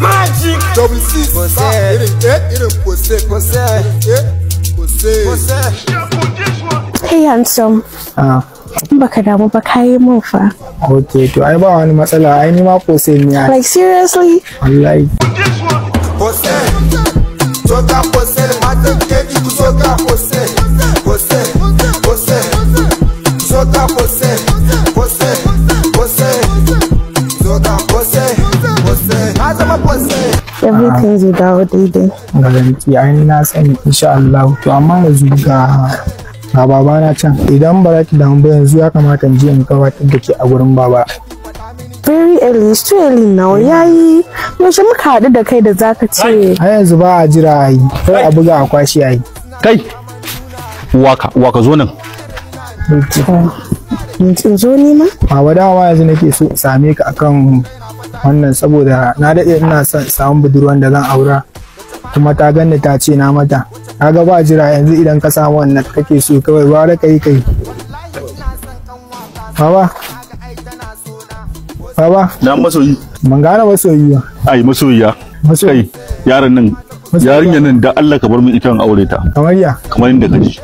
Magic. Double six. Possess. Hey handsome. Ah. in baka damu ba fa. Ok, oh, to ai ba wani matsala ai ni ma ko ni Like seriously? Wallahi. ku kan zai dawo daidai ga zanci ai na sani insha Allah to amma yanzu ga ga baba na can idan ba za ki damu ba yanzu ya kamata in je in da ke a gurin baba very early too early now yayi yaushe muka haɗu da kai da zaka ce a yanzu ba a jira a yi kai a buga a kwashi a yi kai waka waka zo nan in zo ni ma ba wadawa yanzu nake so in same ka akan wannan saboda na daɗe ina son samun budurwan da zan aura kuma ta ganni ta ce na mata kaga ba jira yanzu idan ka samu wannan kake so kawai ba ra kai kai baba baba na masoyi ban gane masoyi ba ai masoyiya masoyi yaran nan yarinya nan da Allah ka bar mu ita aure ta kamar ya kamar inda kaji